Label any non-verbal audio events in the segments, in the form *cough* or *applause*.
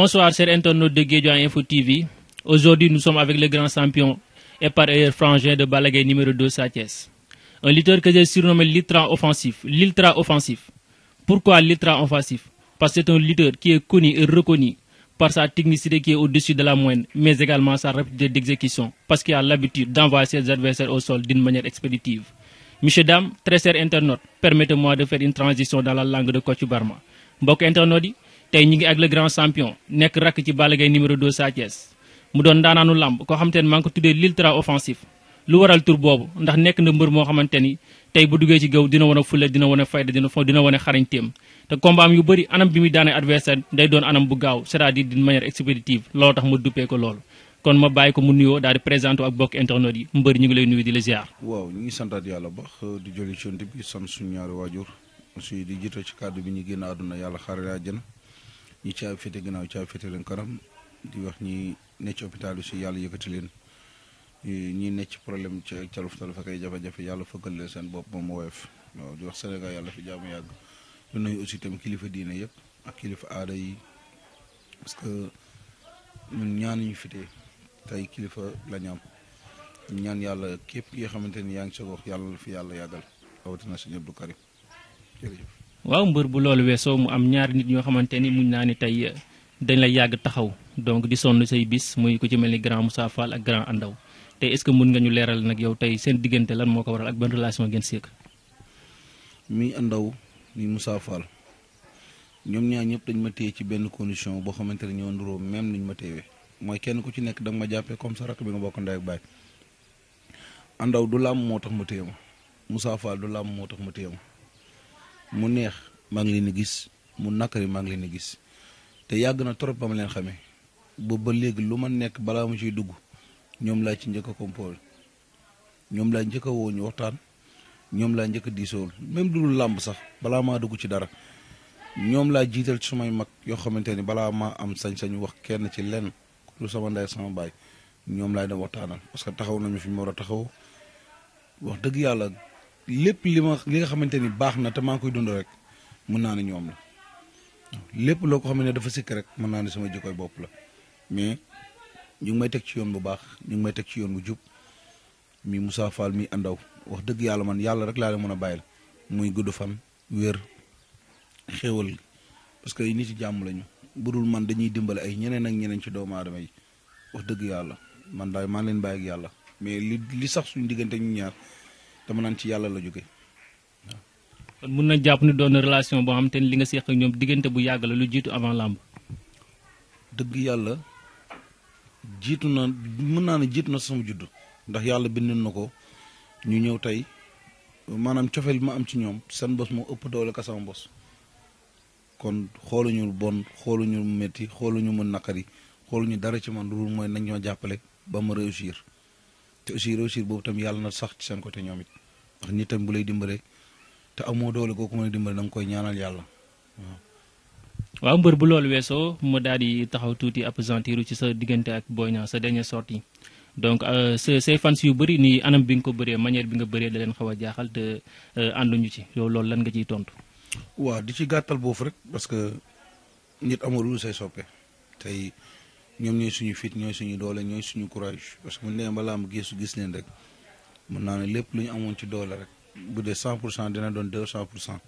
Bonsoir, chers internautes de Guédouin Info TV. Aujourd'hui, nous sommes avec le grand champion et par ailleurs frangin de Balagay numéro 2, Satiès. Un lutteur que j'ai surnommé lultra offensif. lultra offensif. Pourquoi lultra offensif Parce que c'est un lutteur qui est connu et reconnu par sa technicité qui est au-dessus de la moyenne, mais également sa rapidité d'exécution, parce qu'il a l'habitude d'envoyer ses adversaires au sol d'une manière expéditive. Monsieur très chers internautes, permettez-moi de faire une transition dans la langue de Kochubarma. Barma. Bok tay ñi ngi ak le grand champion nek rak ci Balla Gaye numéro 2 Sa mu don daananu lamb ko xamanteni ne ko tuddé l'ultra offensif lu waral tour bobu ndax nek na mbeur mo xamanteni tay bu duggé ci gaw dina wan fulé dina wan fayda dina dina wan a xarañteem combat am yu bari anam bi mi daané adversaire day don anam bu gaaw c'est-à-dire d'une manière expéditive lo tax ma duppé ko lool kon ma bay ko mu nuyo dal di présenter ak bok internet yi mbeur ñi ngi lay nuyu di la ziar. waaw ñi ngi santat yalla bax di jëli ci bi sant suñu ñaari wajur aussi di jitté ci cadre bi ñu génn yalla xaar la jëna ñu caabi féete gannaaw caabi féete leen kanam di wax ñi ne ci hôpital aussi yàlla yëkkati leen ñi ne problème ci caluf taluf ak jafe-jafe yàlla fëggal leen seen bopp moom woyof waaw di wax Sénégal yàlla fi jaamu yàgg lu nuyu aussi tamit kilifa diine yëpp ak kilifa aada yi parce que ñun ñaanuñu fitee tey kilifa la ñaam ñaan yàlla képp ki nga xamante ni yaa ngi sa gox yàlla fi yàlla yàggal awatina sëñ du Karim waaw mbër bu loolu weesoo mu am ñaari nit ñoo xamante ni muñ naa eh, ni tey dañ la yàgg taxaw donc di sonn say bis muy ku ci mel ni grand Moussa Fall ak eh, grand Andaw te est ce que mën nga kan ñu leeral nag yow tey seen diggante lan moo ko waral ak ban relation ngeen séq mi Andaw ni Moussa Fall ñoom ñaar ñëpp dañ ma téye ci benn condition boo xamante ne ñoo nuroo même niñ ma téyewee mooy kenn ku ci nekk da ma jàppee comme sa rakk bi nga bokk ndey ak baay Andaw du lam moo tax ma Moussa Fall du lam moo tax ma mu neex maa ngi leen gis mu nakari maa ngi leen di gis te yàgg na trop ba ma leen xamee boobu ba léegi lu ma nekk balaa ma ciy dugg ñoom laa ci njëkk a composé ñoom laa njëkk a woo ñu waxtaan ñoom laa njëkk a diisool même dul làmb sax balaa maa dugg ci dara ñoom laa jiital ci sumay mag yoo xamante ni balaa maa am sañ-sañu wax kenn ci lenn lu sama ndey sama baay ñoom laay dem waxtaanal parce que taxaw nañu fi mu war a taxaw wax dëgg yàlla lepp li ma li nga xamanteni ni na te ma koy dund rek mën na ne ñoom la lepp lo ko dafa sik rek mën na sama jikkoy bop la mais ñu may tek ci yoon bu bax ñu may tek ci yoon bu jup mi Moussa Fall mi andaw wax deug yalla man yalla rek la la mëna bayil muy guddu fan wër xewal parce que nit yi jàmm lañu budul man dañuy dimbale ay ñeneen ak ñeneen ci doomu adamay wax deug yalla man day ma leen bay ak yalla mais li sax suñu digënté ñu ñaar te mu ci yalla la jóge kon mun na jàpp ni doon relation bo xamanteni li nga seq ak ñom digënté bu yagg la lu jitu avant lamb dëgg yalla jitu na mën na jitu na sama judd ndax yalla bind nako ñu ñëw tay manam ciofel ma am ci ñom sen bos mo ëpp doole ka sama bos kon xoluñu bon xoluñu meti, metti xoluñu mu nakari xoluñu dara ci man loolu moy nañu jappalé ba ma réussir te aussi réussir bobu tam yalla na sax ci sen côté ñomit ndax nitam bu lay dimbalé te amo doole kooku mën a dimbale da koy ñaanal yalla waaw mbeur bu lol wesso mu daal di taxaw tuuti appesantiru ci sa digënté ak boyna sa dernière sortie donc ce euh, ces fans yu bari ni anam bi nga ko bëré manière bi nga bëré da leen xawa a jaaxal andu euh, ñu ci yow lol lan nga ci tontu waaw di ci gattal bof rek parce que nit amul say soppé tay ñom ñoy suñu fit ñoy suñu doole ñoy suñu courage parce que mu nee ba lamb gis gis rek mën naa ne lépp lu ñu amoon ci doole rek bu dee cent pour cent dina doon 200 cent pour cent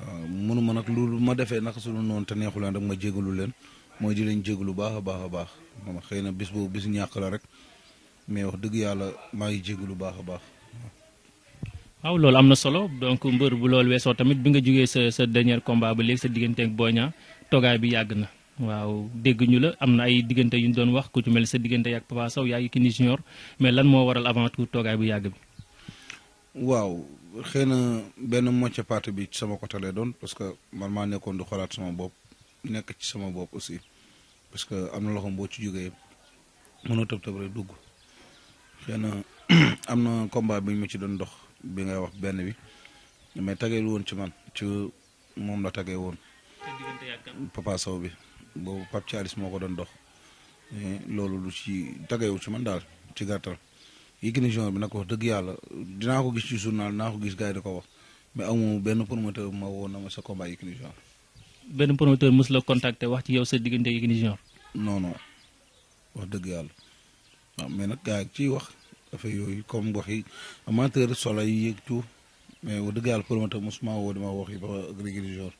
euh, mënu ma nag loolu ma defee naka sunu noonu te neexu leen rek ma jégalu leen mooy di leen jégalu baax a baax a baax moom xëy na bis boobu bisu ñàkk la rek mais wax dëgg yàlla maa ngi jégalu baax a baax. waaw loolu am na solo donc mbër bu loolu weesoo tamit bi nga jógee sa sa dernier combat ba léegi sa diggante ak Boy Niang bi yàgg na. waaw dégg ñu la am na ay diggante yu doon wax ku ci mel sa diggante yaag Papa Sow yaag Yékini Junior mais lan moo waral avant tout toogaay bu yàgg bi. waaw xëy na benn mocc parti bi ci sama côté lay doon parce que man maa nekkoon du xoolaat sama bopp nekk ci sama bopp aussi parce que am na loxoom boo ci jógee mënoo tëb dugg xëy *clears throat* am na combat bi ñu ci doon dox bi ngay wax benn bi mais tagee woon ci man ci moom la tagee woon. Papa Sow bi. boobu Pape Thialis moo ko doon dox eh, loolu lu ci tagewu ci man daal ci gàttal Yékini Junior bi nag wax dëgg yàlla dinaa ko gis ci journal dinaa ko gis gars yi di ko wax mais amu benn promoteur ma woo na ma sa combat Yékini Junior. benn promoteur mos la wax ci yow sa diggante Yékini Junior. non non wax dëgg yàlla waaw ah, mais nag gars yi ciy wax affaire yooyu comme wax yi amateur solo yi yëg tout mais dëgg yàlla promoteur mosuma woo dama wax yi ba Yékini Junior.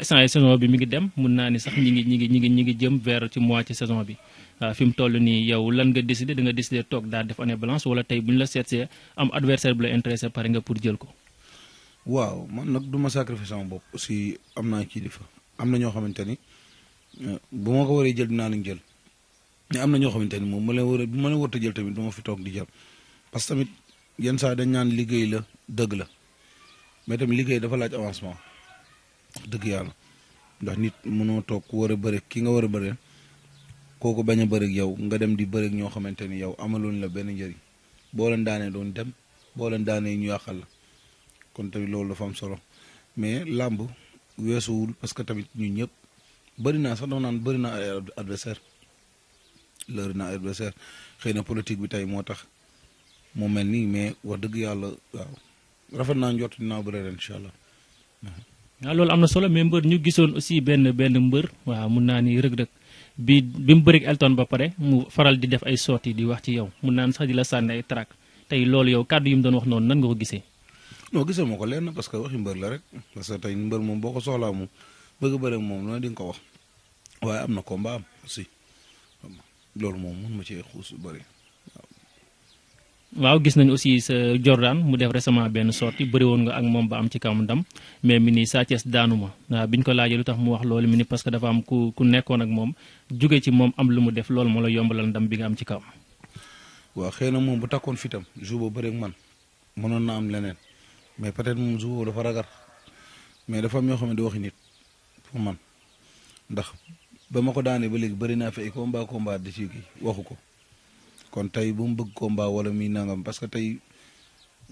instant saison bi mi ngi dem mun naa ni sax ñi ngi ñi ngi ñi ngi ñi ngi jëm vers ci mois ci saison bi ah, fi mu toll nii yow lan nga décider da nga décider toog daal def année blanche wala tey bu ñu la seetsee am adversaire bu la intéressé pare nga pour jël ko waaw man nag du ma sacrifice sama bopp aussi am naa kilifa am na ñoo xamante ni euh, bu ma ko waree jël dinaa leen jël mais am na ñoo xamante ni moom ma leen war bu ma leen warta jël tamit du ma fi toog di jël parce que tamit yenn saa dañ naan liggéey la dëgg la mais tamit liggéey dafa laaj avancement dëgg yàlla ndax nit mënoo toog ku war a bëri ki nga war a bëri kooku bañ a bëri yow nga dem di bëri ñoo xamante ni yow amaloon la benn njëriñ boo leen daanee doon dem boo leen daanee ñu yàqal la kon tamit loolu dafa am solo mais làmb weesuwul parce que tamit ñu ñëpp bëri naa sax dama naan bëri naa ay adversaire lëri naa ay adversaire xëy na politique bi tey moo tax mu mel nii mais wax dëgg yàlla rafet naa njot dinaa bëri ren allah waaw ah, loolu am na solo mais mbër ñu gisoon aussi benn benn mbër waaw mun naa ni rëg-rëg bi bi mu bëri Elton ba pare mu faral di def ay sorties di wax ci yow mun naa ni sax di la sànni ay trac tey loolu yow kàddu yi mu doon wax noonu nan nga ko gisee. non gisee ma ko lenn parce que waxi mbër la rek parce que tey mbër moom boo ko soxlaa moom bëgg bëri moom loolu nga ko wax waaye am na combat am aussi loolu moom mun ma cee xuus bëri. waaw gis nañ aussi sa Jordan mu def récemment benn sorti bëri woon nga ak moom ba am ci kaw ndam mais mi ni Sa Thiès daanu biñ ko laajee lu tax mu wax loolu mi ni parce que dafa am ku ku nekkoon ak moom jóge ci moom am lu mu def loolu moo la yombalal ndam bi nga am ci kaw waaw xëy na moom bu takkoon fitam jour ba bëri man mënoon na am leneen mais peut être moom jour dafa ragar mais dafa am yoo xam ne di waxi nit pour man ndax ba ma ko daanee ba léegi bëri naa fi ay combat combat di ci waxu ko kon tey bu mu bëgg combat wala muy nangam parce que tey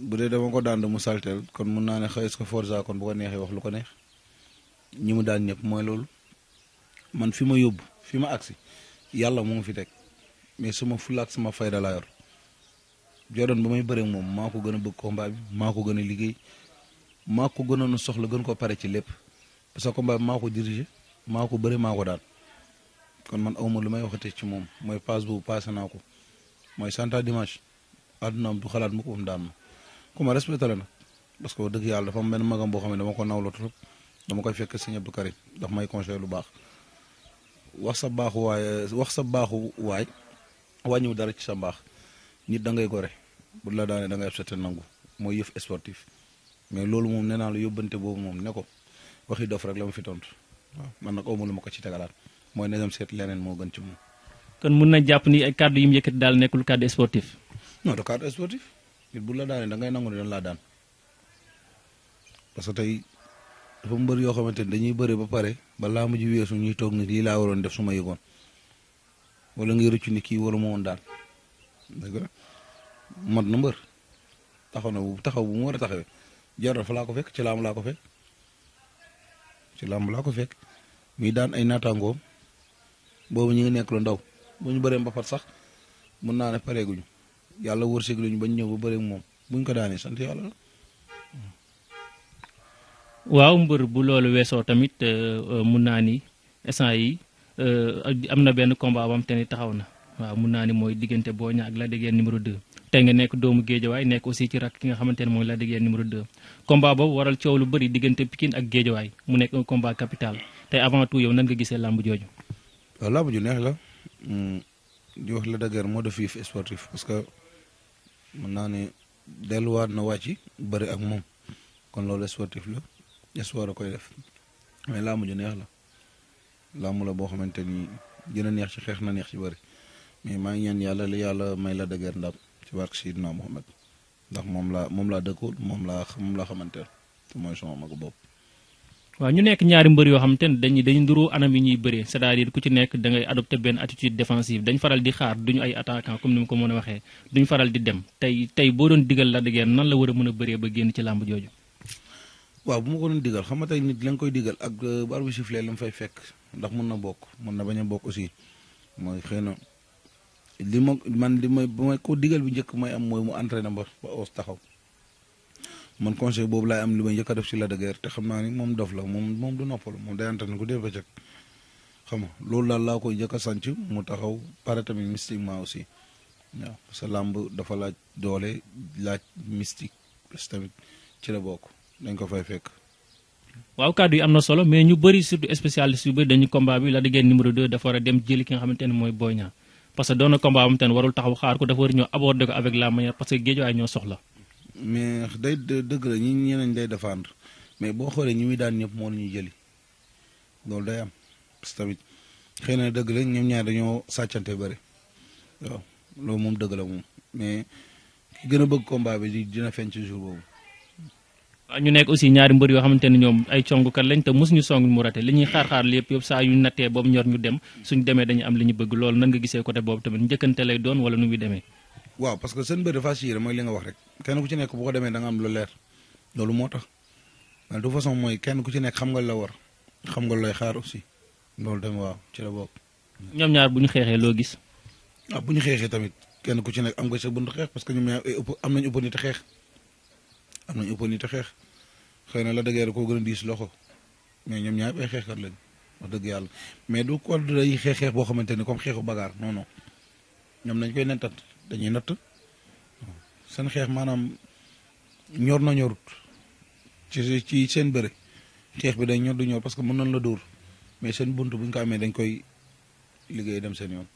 bu dee dama ko daan mu saltel kon mun naa ne xëy ko Forza kon bu ko neexee wax lu ko neex ñi daan ñëpp mooy loolu man fi ma yóbbu fi ma agsi yàlla mu ngi fi teg mais suma fulla ak sama fayda laa yor Jordan ba may bëre moom maa ko gën a bëgg combat bi maa ko gën a liggéey maa ko gënoon a soxla gën ko pare ci lépp parce que combat maa ko dirigé maa ko bëre maa ko daan kon man awma lu may waxatee ci moom mooy passe boobu passé naa ko mooy santa dimanche àdduna am bu xalaat mu ko am daan ma ku ma respecté la nag parce que wax dëgg yàlla dafa am benn magam boo xam ne dama ko nawloo trop dama koy fekk sëñ Abdou Karim daf may conseil lu baax wax sa baaxu waaye wax sa baaxu waay wàññiw dara ci sa mbaax nit da ngay gore bu la daanee da ngay accepté nangu mooy yëf sportif mais loolu moom nee naa la yóbbante boobu moom ne ko waxi dof rek la ma fi tontu waaw man na aw ma lu ma ko ci tegalaat mooy ne dem seet leneen moo gën ci moom. kon mën na japp ni ay kàddu yim yëkëti dal nekul nekkul sportif. non de kàddu sportif nit bu la daanee da ngay nangu ni dañ laa daan parce que tay dafa mbër yoo xamante ni dañuy bëri ba paré ba la mu ji wésu ñuy tok ni li la waron def suma ma wala ngay rëccu ni ki waru ma woon daan dëgg la mat na mbeur taxaw na bu taxaw bu mu wara taxawé taxawee fa la ko fekk ci laam la ko fekk ci laam la ko fekk mi daan ay naataangoom boobu ñi ngi nekk lu ndaw. bu ñu bëree mbapat sax mun naa ne pareeguñu yàlla wërsëg luñu bañ ñëw ba bëree moom bu ñu ko daanee sant yàlla la. waaw mbër bu loolu weesoo tamit euh, euh, mun naa ni instant yi euh, am na benn combat bam te ni taxaw na waaw mun naa ni mooy diggante Boy Niang ak Lac de Guiers numéro tey nga nekk doomu géejawaay nekk aussi ci rak ki nga xamante ne mooy Lac de Guiers numéro 2 combat boobu waral coow lu bëri diggante Pikine ak géejawaay mu nekk un combat capital tey avant tout yow gisee làmb jooju. Mm, di wax la dëgër moo def yëf sportif parce que mën naa ne delluwaat na wàcc bëri ak moom kon loolu sportif la espoir a koy def mais laamu ju neex la mu la boo xamante ni dina neex ci xeex na neex ci bëri mais maa ngi yàlla li yàlla may la dëgër ndam ci barke Seydina Mohamed ndax moom laa moom laa dëkkoon moom laa moom laa xamante te mooy sama mag bopp. wa ñu nek ñaari mbeur yo xamantene dañ ne dañuy dañu nduru anam yi ñuy bëree c'est-à-dire ku ci nek da ngay adopter ben attitude défensive dañ faral di xaar duñu ay attaquant comme nim ko mëna waxé faral di dem tay tay bo doon digal la dëgg nan la war mëna mën ba génn ci lamb joju wa bu ko doon digal xam nga tey nit la koy digal ak euh, barbu arbitre lam fay fekk ndax mën na bokk mën na aussi moy limo man limay bu may ko digal bu ñëk mooy am moy mu entraîner ba ba os taxaw man conseil boobu laay am li ma njëkk def ci Lac de Guiers te xam naa ni moom dof la moom moom du noppalu moom day entraîné ku xam nga loolu daal laa koy njëkk a sànc mu taxaw pare tamit mystiquement aussi waaw parce que làmb dafa laaj doole laaj mystique parce que tamit ci la bokk dañ ko fay fekk. waaw kàddu yi am na solo mais ñu bëri surtout spécialiste yu bëri dañu combat bi Lac de Guiers numéro dafa war a dem jëli ki nga xamante ne mooy Boy Niang parce que doon na warul taxaw xaar ko dafa a ñëw soxla. mais day dëgg la ñi ñeneen day défendre mais boo xoolee ñi muy daan ñëpp moo la ñuy jëli loolu day am parce que dëgg la ñoom ñaar dañoo sàccante bëri waaw loolu moom dëgg la moom mais ki gën a bëgg combat bi di dina feeñ ci jour boobu. waaw ñu nekk aussi ñaari mbër yoo xamante ne ñoom xaar-xaar lépp yëpp saa yu nattee boobu ñor ñu dem suñu demee dañu am li ñu bëgg loolu nan nga gisee côté boobu tamit njëkkante lay doon wala nu muy demee. waaw parce que seen mbir dafa assuré li nga wax rek kenn ku ci nekk bu ko demee am lu leer loolu moo tax de toute mooy kenn ku ci nekk xam nga la war xam nga looy xaar aussi loolu tamit waaw ci la bokk. ñoom ñaar bu ñu xeexee loo gis. Ah, bu ñu xeexee tamit kenn ku ci nekk am nga sa bunt xeex parce que ñoom ñaar eh, am nañu opportunité xeex am nañu opportunité xeex xëy na la dëgg yàlla koo gën a diis loxo mais ñoom ñaar ay xeexkat lañ wax dëgg yàlla mais du ko day xeex xeex boo xamante ni comme xeexu bagaar non non ñoom nañ koy nettat. dañuy natt seen xeex maanaam ñor na ñorut ci ci seen bëre xeex bi dañ ñor du ñor parce que mën nañ la dóor mais seen bunt bu ñu ko amee dañ koy liggéey dem seen yoon.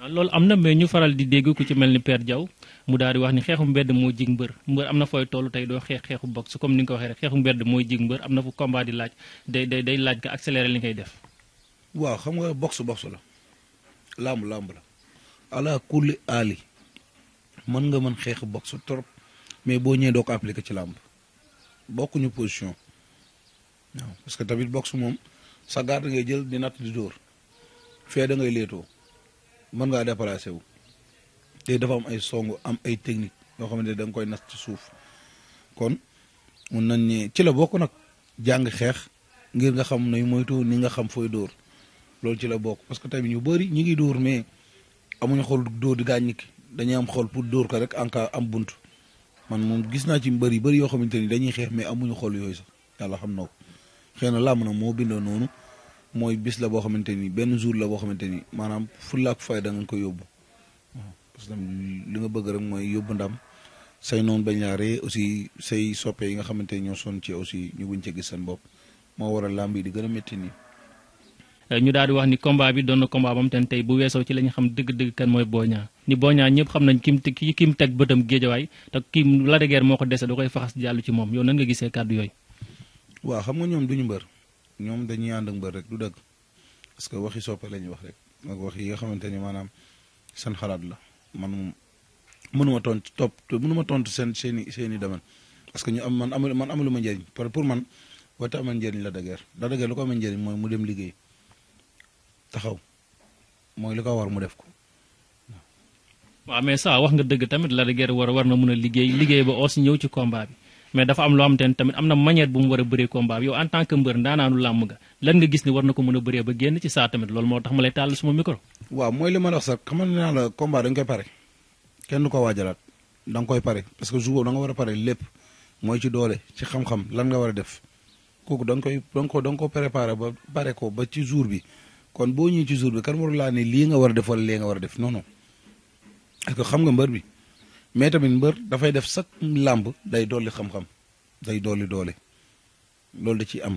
Ah, loolu am na mais ñu faral di dégg ku ci mel ni Père Diaw mu daal di wax ni xeexu mbedd moo jig mbër mbër am na fooy tollu tey doo xeex xeexu box comme ni nga ko waxee rek xeexu mbedd mooy jig mbër am na fu combat di laaj day day day laaj nga accéléré li ngay def. waaw xam nga box box la la ala mën nga mën xeex bokk boxe trop mais boo ñëwee doo ko appliquer ci làmb bokkuñu position parce que tamit boxe moom sa garde ngay jël di natt di dóor fee da ngay leetoo mën ngaa déplacé wu te dafa am ay song am ay technique yoo xamante ne da koy nas ci suuf kon mun nañ ne ci la bokk nag jàng xeex ngir nga xam nay moytu ni nga xam fooy dóor loolu ci la bokk parce que tamit ñu bëri ñi ngi dóor mais amuñu xool dóor di gaañ nit ki dañuy am xol pour dóor ko rek anka am bunt man moom gis naa ci mbër yu bëri yoo xamante ni dañuy xeex mais amuñu xol yooyu sax yàlla xam na ko xëy na làmb na moo bindoo noonu mooy bis la boo xamante ni benn jour la boo xamante ni maanaam fulla ak fayda nga ko yóbbu parce li nga bëgg rek mooy yóbbu ndam say noonu bañ laa ree aussi say soppe yi nga xamante ni ñoo son ci aussi ñu buñ ci gis seen bopp moo waral làmb yi di gën a métti nii. Eh, ñu daal di wax ni combat bi doon na combat bam ten ci la ñu xam dëgg-dëgg mooy Boy Niang ni boña ñepp xam nañ kim ki kim tek bëtam géejawaay tak kim la de guerre moo ko dese da koy faxas jàll ci moom yow nan nga gisee kàddu yooyu waaw xam nga ñoom duñu mbër ñoom dañuy ànd ak mbër rek du dëgg parce que waxi soppe lañuy wax rek ak wax yi nga xalaat la man mënuma top mënuma tontu sen seni seni demal parce que ñu am man amul man amuluma njëriñ pour man wata amal njëriñ la dëgër la dëgër lu ko amal njëriñ mooy mu dem liggéey taxaw war mu def ko waaw mais ça wax nga dëgg tamit la de Guiers war war na mën a liggéey liggéey ba aussi ñëw ci combat bi mais dafa am loo xam te tamit am na manière bu mu war a bëree combat bi yow en tant que mbër ndaanaanu làmm nga lan na ko a bëree ba génn ci saa tamit loolu moo tax ma lay tàll suma ma la wax sax xamal naa la combat dañ koy koy pare parce que jour da nga war a pare lépp mooy ci doole ci xam lan nga war a def kooku da nga koy da nga ko da ko ba pare bi kon boo ñëwee ci jour bi kan warul laa ne lii nga war a def wala lii nga war a def noonu parce que xam nga mbër bi mais tamit mbër dafay def sax làmb day dolli xam-xam day dolli doole loolu da ci am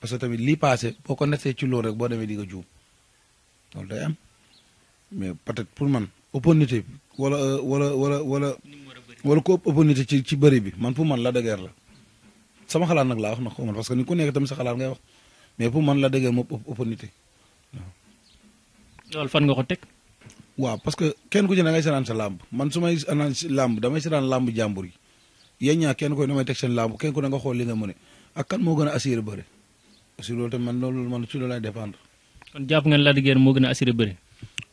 parce que tamit lii passé boo ko nettee ci lool rek boo demee di nga juum loolu day am mais peut-être pour man opportunité bi wala wala wala wala wala ko opportunité ci ci bëri bi man pour man la dëgër la sama xalaat nag laa wax na ko man parce que ni nekk tamit sa xalaat ngay wax mais pour man la dëgër moom opportunité loolu fan nga ko teg. wa parce que kenn ku ci na ngay seetaan sa lamb man suma anan lamb dama damay seetaan làmb jàmbur yi ya ñaa kenn ko damay tek sen lamb kenn ko nga xol li nga mune ak kan mo gëna a beure bëri si loolu man loolu man ci loolu lay dépendre. kon japp ngeen la de Guiers moo gën a assuré bëri.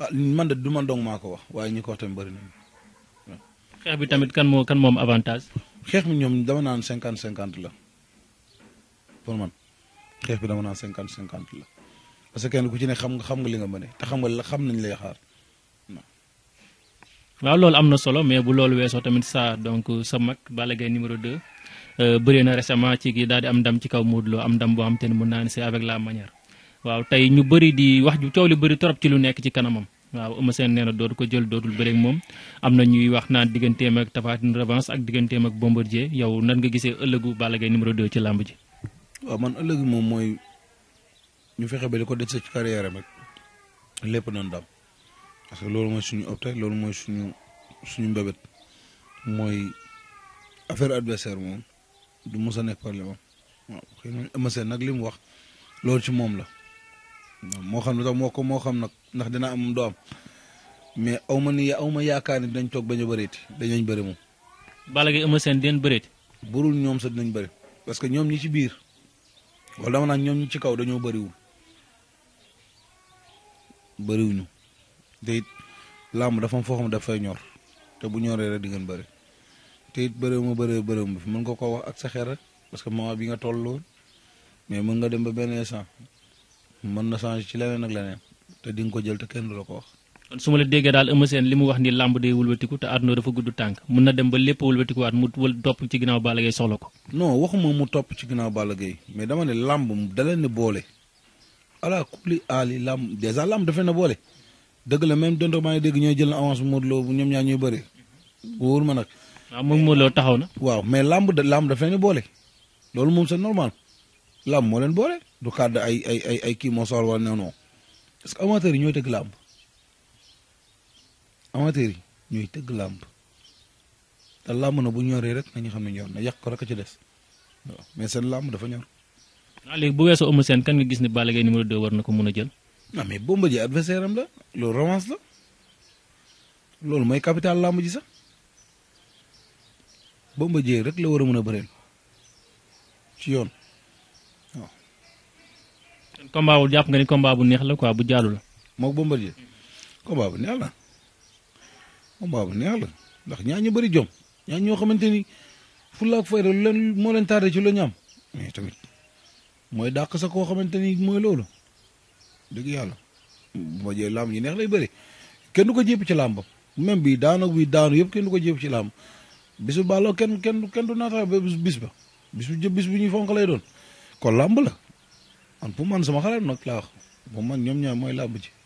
ah man de duma dong mako wax waaye ñi ko tam beure na xex bi tamit kan mo kan mom avantage. xex mi ñom dama naan 50 50 la pour man xex bi dama naan 50 50 la parce que kenn ku ci ne xam nga xam nga li nga mune ta xam nga xam nañ lay xaar waaw loolu am na solo mais bu loolu weesoo tamit sa donc sa mag Balla numéro 2 euh, bëri na récemment ci gi daal di am ndam ci kaw Modou am ndam boo xam te ne naa avec la manière waaw tey ñu bëri di wax ju coow li bëri trop ci lu nekk ci kanamam waaw Eumeu Sène nee na dootu ko jël dootul bëreeg moom am na ñuy wax naan digganteem ak Tapha revanche ak digganteem ak Bombardier yow nan nga gisee ëllëgu Balla Gaye numéro 2 ci lamb ji. waaw man ëllëg moom mooy ñu fexe ba li ko dese ci carrière rek lépp na ndam. parce que loolu mooy suñu opté loolu mooy suñu suñu mbébét mooy affaire adversaire moom du mos a nekk problème waaw xëy na nag li mu wax loolu ci moom la moo xam ne moo ko moo xam nag ndax dina am doo am mais aw ma ni aw ma yaakaar ni dinañ toog bañ a bëreeti dañañ bëri moom. Balla Gaye Eumeu dinañ bëreeti. burul ñoom sax dinañ bëri parce que ñoom ñi ci biir wala dama naan ñoom ñi ci kaw dañoo bëriwul bariwuñu te it làmb dafa am foo xam dafay ñor te bu ñoree rek di ngeen bëri te it bëree ma bëree bëree ma fi mën nga ko wax ak sa xel rek parce que moment bi nga toll woon mais mën nga dem ba benn instant mën na changer ci leneen ak leneen te di nga ko jël te kenn du la ko wax. kon su ma la déggee daal Eumeu li mu wax ni làmb day wëlbatiku te àdduna dafa gudd tànk mun na dem ba lépp wëlbatikuwaat mu wël topp ci ginnaaw Balla Gaye soxla ko. non waxuma mu topp ci ginnaaw Balla Gaye mais dama ne làmb da leen boole ala kulli aali làmb dèjà làmb dafay na boole. deug la même donto ma deug ñoy jël avance Modou Lo bu ñoom ñaar ñuy bëri woor ma nak am ah, moom Lo taxaw na. waaw mais lamb da làmb daf leen boole loolu moom c'est normal lamb mo leen bolé du card ay ay ay ay ki mo sol wala non est ce amateur ñoy yi lamb amateur ñoy amateurs lamb da lamb làmb na bu ñoré rek nañu xam ne ñor na yak ko rek ci dess mais mais lamb da fa ñor. na ah, léegi bu wéso Eumeu sen kan nga gis ni balé gay numéro 2 war na ko mëna jël. non mais Bombardier adversaire la loolu romance la loolu mooy capital làmb ji sax Bombardier rek la war a mën a bëreel ci yoon waaw. combat wu jàpp nga ni combat bu neex la quoi bu jaalu la. moog Bombardier bu neex la combat bu neex la ndax ñaa ñu bëri jom ñaa ñoo xamante ni fulla ak fayda lu leen moo leen tardé ci lu ñu tamit mooy dàq sax koo xamante ni mooy loolu. dëgg yàlla bu ma jëlee làmb yi neex lay bëri kenn du ko ci làmbam même bii daanaka bii daanu yëpp kenn du ko jépp ci làmb bisu balo kenn kenn kenn du naata ba bis ba bis bu jë bis bu ñuy fonk lay doon kon làmb la man pour man sama xalaat nag laa wax pour man ñoom ñaar mooy làmb ji.